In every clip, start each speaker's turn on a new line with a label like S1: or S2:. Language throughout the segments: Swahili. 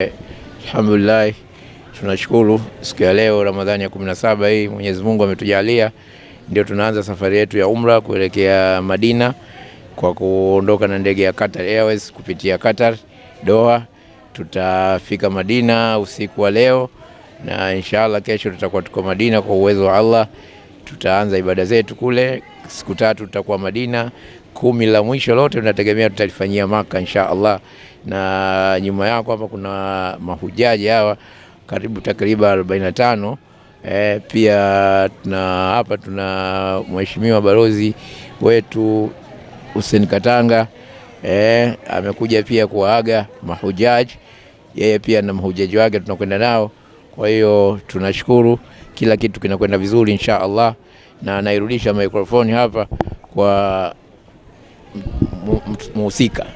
S1: Alhamdulillah, tunashukuru siku ya leo Ramadhani ya 17 hii Mwenyezi Mungu ametujalia, ndio tunaanza safari yetu ya umra kuelekea Madina kwa kuondoka na ndege ya Qatar Airways kupitia Qatar Doha. Tutafika Madina usiku wa leo na inshallah kesho tutakuwa tuko Madina kwa uwezo wa Allah, tutaanza ibada zetu kule. Siku tatu tutakuwa Madina, kumi la mwisho lote tunategemea tutalifanyia Maka inshallah na nyuma yako hapa kuna mahujaji hawa karibu takriban 45. E, pia tuna hapa tuna mheshimiwa balozi wetu Hussein Katanga e, amekuja pia kuwaaga mahujaji. Yeye pia na mahujaji wake tunakwenda nao. Kwa hiyo tunashukuru, kila kitu kinakwenda vizuri insha Allah, na anairudisha mikrofoni hapa kwa muhusika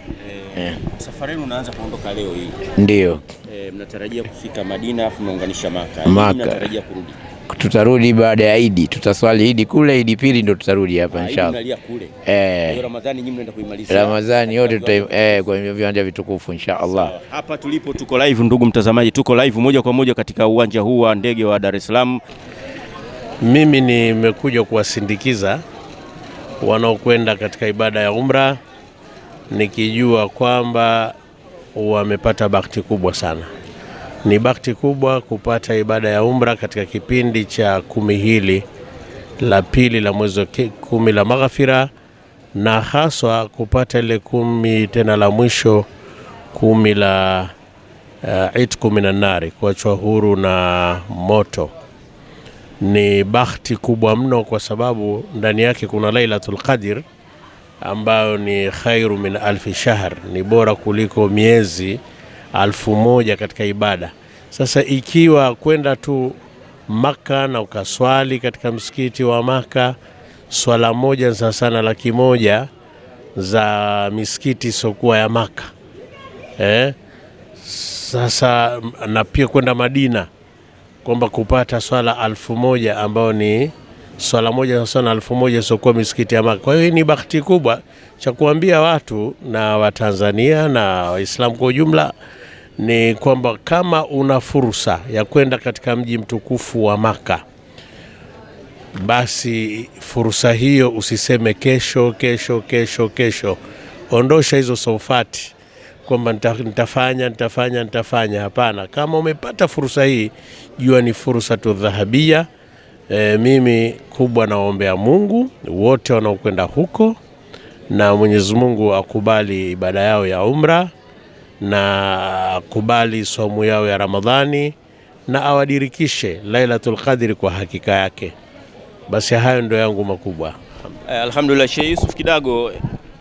S2: eh. Safari yenu unaanza kuondoka leo hii. Ndio. Eh, mnatarajia kufika Madina afu mnaunganisha Maka.
S1: Yaani Maka. Mnatarajia kurudi. Tutarudi baada ya Idi, tutaswali Idi kule, Idi pili ndo tutarudi hapa ah, inshallah. Eh. Ramadhani nyinyi
S2: mnaenda kuimaliza.
S1: Ramadhani yote tuta eh kwa viwanja vitukufu inshallah. So,
S2: Hapa tulipo tuko live, ndugu mtazamaji, tuko live moja kwa moja katika uwanja huu wa ndege wa Dar es Salaam.
S1: Mimi nimekuja kuwasindikiza wanaokwenda katika ibada ya Umra nikijua kwamba wamepata bahati kubwa sana. Ni bahati kubwa kupata ibada ya umra katika kipindi cha kumi hili la pili la mwezi kumi la maghfira, na haswa kupata ile kumi tena la mwisho kumi la uh, eh, itqu na nari, kuachwa huru na moto. Ni bahati kubwa mno, kwa sababu ndani yake kuna Lailatul Qadr ambayo ni khairu min alfi shahr, ni bora kuliko miezi alfu moja katika ibada. Sasa ikiwa kwenda tu Maka na ukaswali katika msikiti wa Maka swala moja za sana laki moja za misikiti isiokuwa ya Maka eh? Sasa na pia kwenda Madina kwamba kupata swala alfu moja ambayo ni swala moja sana elfu moja sokua misikiti ya Maka. Kwa hiyo hii ni bahati kubwa cha kuambia watu na Watanzania na Waislamu kwa ujumla ni kwamba kama una fursa ya kwenda katika mji mtukufu wa Maka, basi fursa hiyo usiseme kesho, kesho, kesho, kesho. Ondosha hizo sofati kwamba nitafanya nitafanya nitafanya. Hapana, kama umepata fursa hii, jua ni fursa tu dhahabia. E, mimi kubwa nawaombea Mungu wote wanaokwenda huko na Mwenyezi Mungu akubali ibada yao ya umra na akubali somu yao ya Ramadhani na awadirikishe Lailatul Qadri kwa hakika yake. Basi hayo ndio yangu makubwa.
S2: Eh, alhamdulillah, Sheikh Yusuf Kidago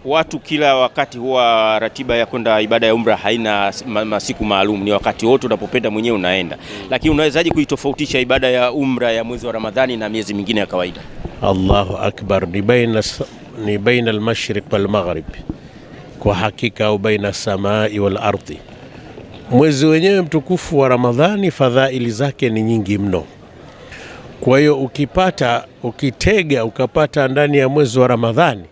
S2: Watu kila wakati huwa ratiba ya kwenda ibada ya umra haina masiku maalum, ni wakati wote unapopenda mwenyewe unaenda. Lakini unawezaje kuitofautisha ibada ya umra ya mwezi wa Ramadhani na miezi mingine ya kawaida?
S1: Allahu akbar, ni baina ni baina al-mashriq wal maghrib kwa hakika, au baina samai wal ardi. Mwezi wenyewe mtukufu wa Ramadhani fadhaili zake ni nyingi mno. Kwa hiyo ukipata ukitega ukapata ndani ya mwezi wa Ramadhani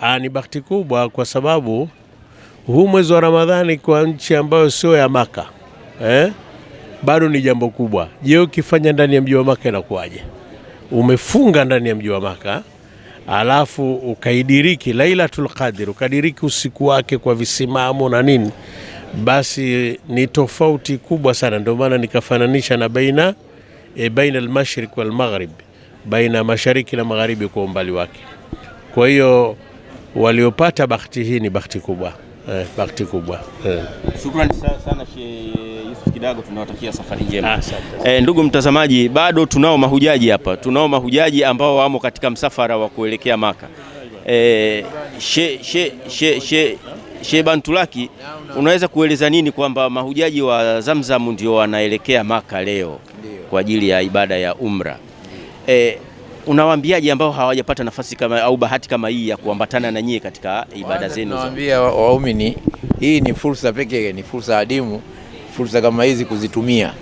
S1: Ah, ni bahati kubwa kwa sababu huu mwezi wa Ramadhani kwa nchi ambayo sio ya Maka eh, bado ni jambo kubwa. Je, ukifanya ndani ya mji wa Maka inakuwaje? Umefunga ndani ya mji wa Maka alafu ukaidiriki Lailatul Qadr, ukadiriki usiku wake kwa visimamo na nini, basi ni tofauti kubwa sana. Ndio maana nikafananisha na baina e, baina al-mashriq wal maghrib, baina mashariki na magharibi kwa umbali wake. Kwa hiyo waliopata bahati hii ni bahati kubwa eh, bahati kubwa eh.
S2: Shukrani sana Yusuf Kidago, tunawatakia safari njema ah, eh, ndugu mtazamaji, bado tunao mahujaji hapa, tunao mahujaji ambao wamo katika msafara wa kuelekea Maka eh, she, she, she, she, she Bantulaki, unaweza kueleza nini kwamba mahujaji wa Zamzam ndio wanaelekea Maka leo kwa ajili ya ibada ya umra? eh, unawaambiaje ambao hawajapata nafasi kama au bahati kama hii ya kuambatana na nyie katika ibada zenu?
S1: Nawaambia waumini hii ni fursa pekee, ni fursa adimu, fursa kama hizi kuzitumia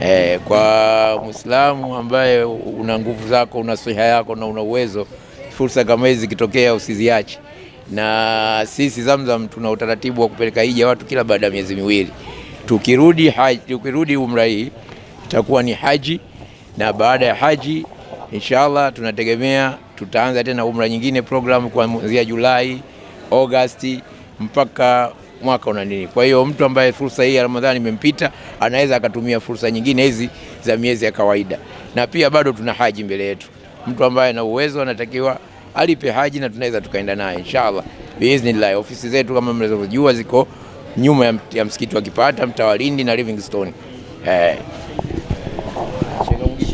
S1: Eh, kwa Muislamu ambaye una nguvu zako una siha yako na una uwezo, fursa kama hizi zikitokea usiziache. Na sisi Zamzam tuna utaratibu wa kupeleka hija watu kila baada ya miezi miwili. Tukirudi haji, tukirudi umra hii itakuwa ni haji, na baada ya haji Inshallah tunategemea tutaanza tena umra nyingine program kuanzia Julai, Agosti mpaka mwaka una nini. Kwa hiyo mtu ambaye fursa hii ya Ramadhani imempita anaweza akatumia fursa nyingine hizi za miezi ya kawaida, na pia bado tuna haji mbele yetu. Mtu ambaye ana uwezo anatakiwa alipe haji na tunaweza tukaenda naye inshallah biiznillah. Ofisi zetu kama mnazojua ziko nyuma ya msikiti wa Kipata, Mtawalindi na Livingstone eh.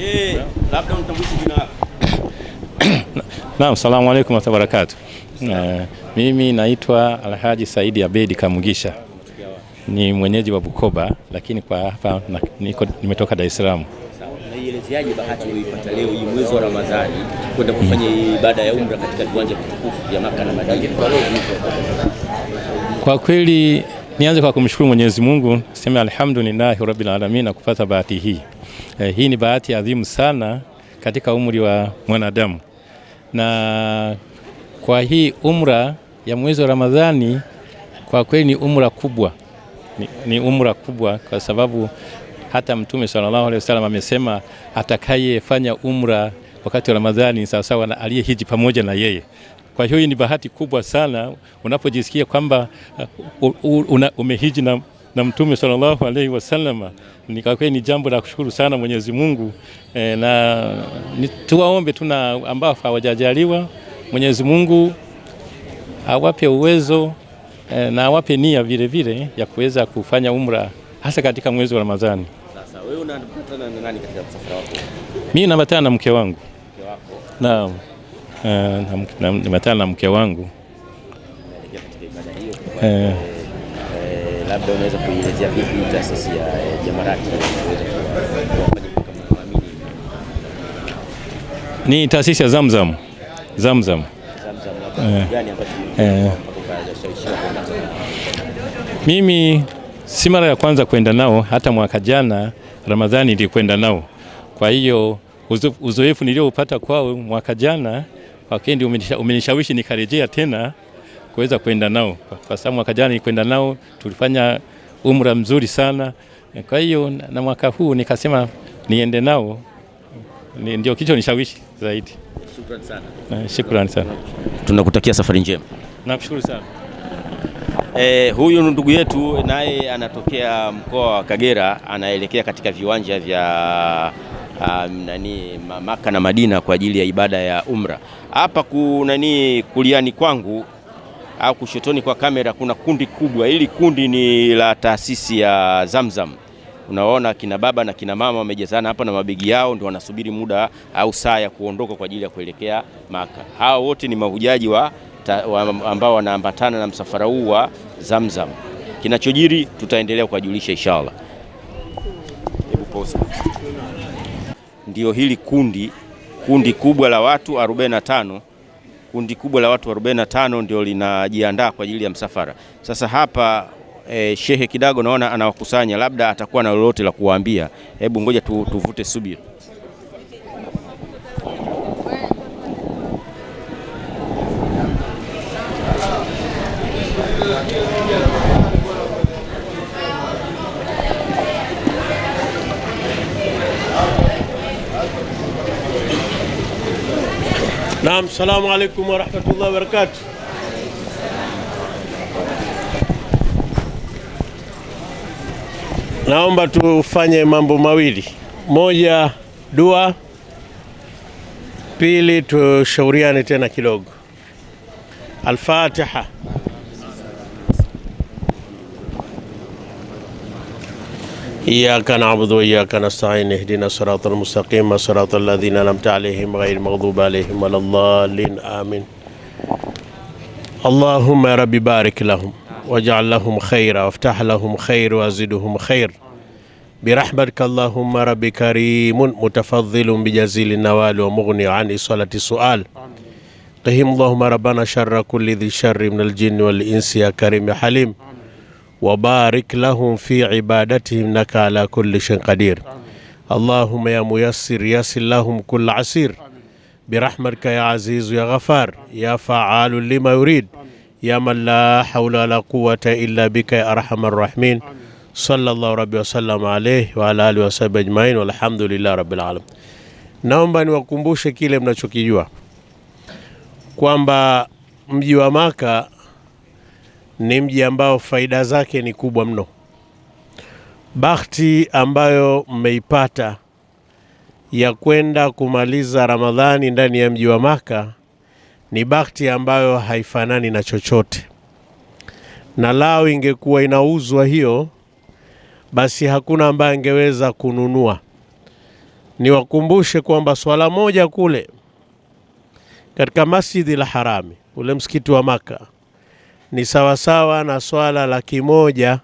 S1: Eh,
S3: Naam, salamu alaykum wa Uh, mimi naitwa Alhaji Saidi Abedi Kamugisha ni mwenyeji wa Bukoba, lakini kwa hapa niko nimetoka Dar es Salaam.
S2: Naielezeaje bahati uliyoipata leo hii mwezi wa Ramadhani kwenda kufanya ibada ya umra katika viwanja vitukufu vya Maka na Madina?
S3: Kwa kweli nianze kwa kumshukuru Mwenyezi Mungu, sema alhamdulillahi rabbil alamin na kupata bahati hii. Eh, hii ni bahati adhimu sana katika umri wa mwanadamu, na kwa hii umra ya mwezi wa Ramadhani kwa kweli ni umra kubwa, ni, ni umra kubwa kwa sababu hata Mtume sallallahu alaihi wasallam amesema atakayefanya umra wakati wa Ramadhani sawasawa na aliyehiji pamoja na yeye. Kwa hiyo hii ni bahati kubwa sana unapojisikia kwamba uh, umehiji na na Mtume sallallahu alaihi wasallam. Nikakweli ni jambo la kushukuru sana Mwenyezi Mungu e, na tuwaombe tuna ambao hawajajaliwa Mwenyezi Mungu awape uwezo e, na awape nia vile vile ya kuweza kufanya umra hasa katika mwezi wa Ramadhani.
S2: Sasa wewe unaambatana na nani katika msafara wako?
S3: Mimi napatana na mke wangu. Mke wako? Naam. E, napatana na mke wangu.
S2: Naelekea katika ibada hiyo. E, labda unaweza kuielezea vipi taasisi ya eh, Jamarati
S3: ni taasisi ya Zamzam Zamzam. Eh. Eh. Mimi si mara ya kwanza kwenda nao, hata mwaka jana Ramadhani nilikwenda nao. Kwa hiyo uzoefu nilioupata kwao mwaka jana wakendi umenishawishi nikarejea tena kuweza kwenda nao, kwa sababu mwaka jana nilikwenda nao tulifanya umra mzuri sana. Kwa hiyo na mwaka huu nikasema niende nao, ndio kicho nishawishi zaidi.
S2: Shukrani sana. Shukrani sana. Tunakutakia safari njema. Nakushukuru sana. Eh, huyu ndugu yetu naye anatokea mkoa wa Kagera anaelekea katika viwanja vya um, nani Maka na Madina kwa ajili ya ibada ya umra. Hapa kunani kuliani kwangu au kushotoni kwa kamera kuna kundi kubwa. Hili kundi ni la taasisi ya Zamzam. Unaona kina baba na kina mama wamejazana hapa na mabegi yao, ndio wanasubiri muda au saa ya kuondoka kwa ajili ya kuelekea Maka. Hao wote ni mahujaji wa, wa ambao wanaambatana na msafara huu wa Zamzam. Kinachojiri tutaendelea kuwajulisha inshallah. Ndio hili kundi kundi kubwa la watu 45 kundi kubwa la watu 45 ndio linajiandaa kwa ajili ya msafara. Sasa hapa e, Shehe Kidago naona anawakusanya, labda atakuwa na lolote la kuwaambia. Hebu ngoja tu, tuvute subira.
S4: Naam, salamu alaikum wa rahmatullahi wa barakatuh. Naomba tufanye mambo mawili: moja, dua; pili, tushauriane tena kidogo. Al-Fatiha. إياك نعبد وإياك نستعين اهدنا الصراط المستقيم صراط الذين أنعمت عليهم غير المغضوب عليهم ولا الضالين آمين اللهم يا رب بارك لهم واجعل لهم خيرا وافتح لهم خير وازدهم خير برحمتك اللهم رب كريم متفضل بجزيل النوال ومغني عن إصالة السؤال قهم اللهم ربنا شر كل ذي شر من الجن والإنس يا كريم يا حليم آمين. wabarik lahum fi ibadatihim innaka ala kulli shayin qadir allahumma ya muyassir yassir lahum kulla asir birahmatika ya azizu ya ghafar ya faalu lima yurid ya man la haula wala quwata illa bika ya arhamar rahimin sallallahu rabbi wasallam alayhi wa ala alihi wasahbihi ajmain walhamdulillahi rabbil alamin. Naomba niwakumbushe kile mnachokijua kwamba mji wa Maka ni mji ambao faida zake ni kubwa mno. Bahati ambayo mmeipata ya kwenda kumaliza Ramadhani ndani ya mji wa Maka ni bahati ambayo haifanani na chochote, na lao ingekuwa inauzwa hiyo, basi hakuna ambaye angeweza kununua. Niwakumbushe kwamba swala moja kule katika la Harami, ule msikiti wa Maka ni sawasawa na swala laki moja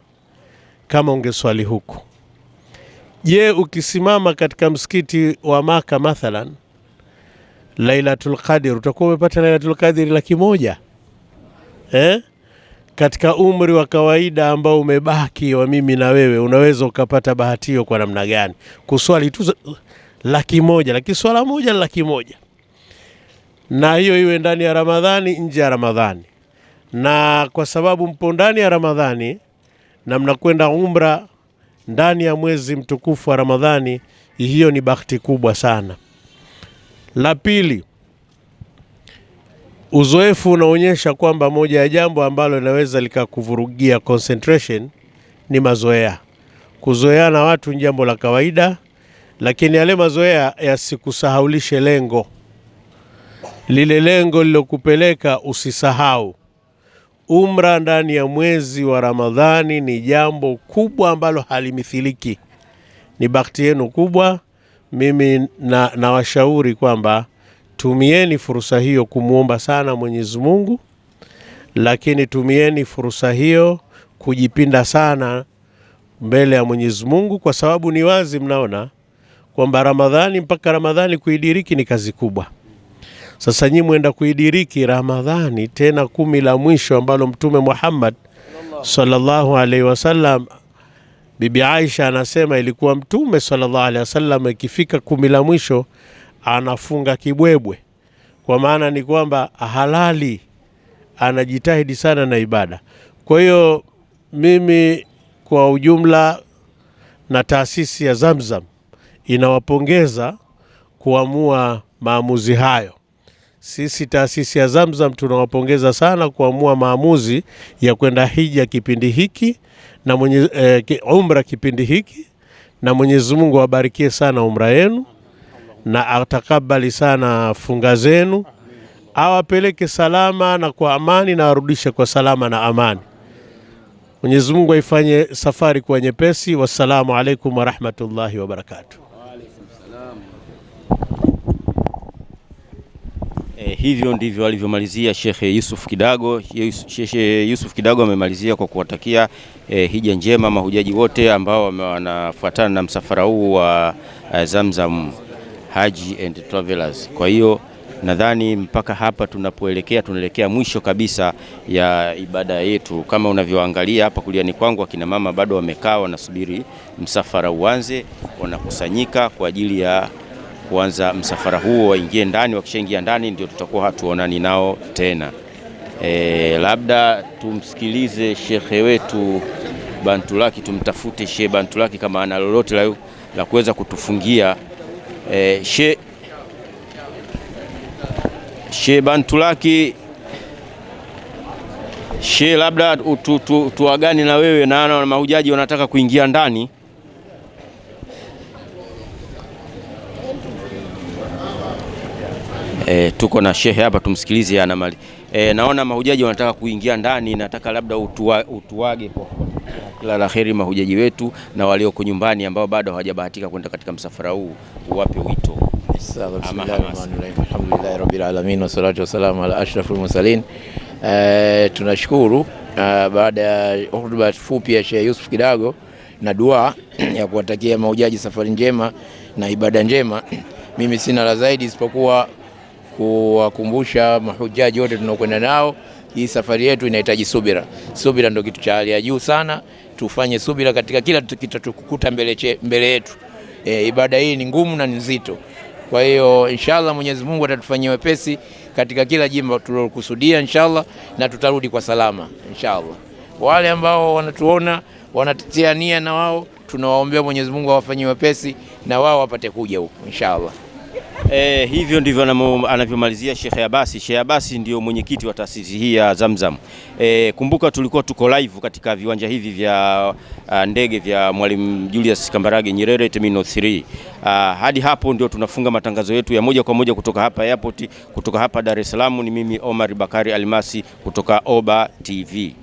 S4: kama ungeswali huku. Je, ukisimama katika msikiti wa Maka mathalan Lailatul Qadr utakuwa umepata Lailatul Qadr laki moja eh? Katika umri wa kawaida ambao umebaki wa mimi na wewe, unaweza ukapata bahati hiyo kwa namna gani? Kuswali tu laki moja, lakini swala moja laki moja, na hiyo iwe ndani ya Ramadhani, nje ya Ramadhani na kwa sababu mpo ndani ya Ramadhani na mnakwenda umra ndani ya mwezi mtukufu wa Ramadhani, hiyo ni bahati kubwa sana. La pili, uzoefu unaonyesha kwamba moja ya jambo ambalo linaweza likakuvurugia concentration ni mazoea. Kuzoea na watu ni jambo la kawaida, lakini yale mazoea yasikusahaulishe lengo lile, lengo lilokupeleka usisahau umra ndani ya mwezi wa Ramadhani ni jambo kubwa ambalo halimithiliki, ni bakti yenu kubwa. Mimi nawashauri na kwamba tumieni fursa hiyo kumwomba sana Mwenyezi Mungu, lakini tumieni fursa hiyo kujipinda sana mbele ya Mwenyezi Mungu, kwa sababu ni wazi mnaona kwamba Ramadhani mpaka Ramadhani kuidiriki ni kazi kubwa. Sasa nyi mwenda kuidiriki Ramadhani tena kumi la mwisho ambalo Mtume Muhammad sallallahu alaihi wasallam, Bibi Aisha anasema ilikuwa Mtume sallallahu alaihi wasallam ikifika kumi la mwisho anafunga kibwebwe, kwa maana ni kwamba halali, anajitahidi sana na ibada. Kwa hiyo mimi kwa ujumla na taasisi ya Zamzam inawapongeza kuamua maamuzi hayo. Sisi taasisi ya Zamzam tunawapongeza sana kuamua maamuzi ya kwenda hija kipindi hiki na mwenye, eh, umra kipindi hiki na Mwenyezi Mungu awabarikie sana umra yenu na atakabali sana funga zenu, awapeleke salama na kwa amani na arudishe kwa salama na amani. Mwenyezi Mungu aifanye safari kuwa nyepesi. Wassalamu alaikum warahmatullahi wabarakatuh
S2: hivyo ndivyo alivyomalizia Shekhe Yusuf Kidago. Shekhe Yusuf Kidago amemalizia kwa kuwatakia e, hija njema mahujaji wote ambao wanafuatana na msafara huu wa eh, Zamzam Haji and Travelers. Kwa hiyo nadhani mpaka hapa tunapoelekea tunaelekea mwisho kabisa ya ibada yetu. Kama unavyoangalia hapa kuliani kwangu, akina mama bado wamekaa wanasubiri msafara uanze, wanakusanyika kwa ajili ya kuanza msafara huo, waingie ndani. Wakishaingia ndani, ndio tutakuwa hatuonani nao tena. E, labda tumsikilize shekhe wetu Bantulaki, tumtafute Shehe Bantulaki kama ana lolote la, la kuweza kutufungia e, she, Bantulaki she, labda tuagane na wewe, na mahujaji wanataka kuingia ndani. E, tuko na shehe hapa tumsikilize ana mali. E, naona mahujaji wanataka kuingia ndani, nataka labda utua, utuage kwa kila la heri mahujaji wetu na walioko nyumbani ambao bado hawajabahatika kwenda katika msafara huu, uwape wito.
S1: rabbil alamin wassalatu wassalamu ala ashrafil mursalin. Eh, tunashukuru baada ya hotuba fupi ya Sheikh Yusuf Kidago na dua ya kuwatakia mahujaji safari njema na ibada njema, mimi sina la zaidi isipokuwa kuwakumbusha mahujaji wote tunaokwenda nao, hii safari yetu inahitaji subira. Subira ndio kitu cha hali ya juu sana, tufanye subira katika kila kitatukuta mbele, mbele yetu. E, ibada hii ni ngumu na ni nzito, kwa hiyo inshallah Mwenyezi Mungu atatufanyia wepesi katika kila jimbo tulilokusudia inshallah, na tutarudi kwa salama inshallah. Wale ambao wanatuona wanatetea nia na wao tunawaombea Mwenyezi Mungu awafanyie wepesi na wao wapate kuja huko inshallah.
S2: E, hivyo ndivyo anavyomalizia Sheikh Abasi. Sheikh Abasi ndio mwenyekiti wa taasisi hii ya Zamzam. E, kumbuka tulikuwa tuko live katika viwanja hivi vya ah, ndege vya Mwalimu Julius Kambarage Nyerere Terminal 3. Uh, ah, hadi hapo ndio tunafunga matangazo yetu ya moja kwa moja kutoka hapa airport, kutoka hapa Dar es Salaam. Ni mimi Omar Bakari Almasi kutoka Oba TV.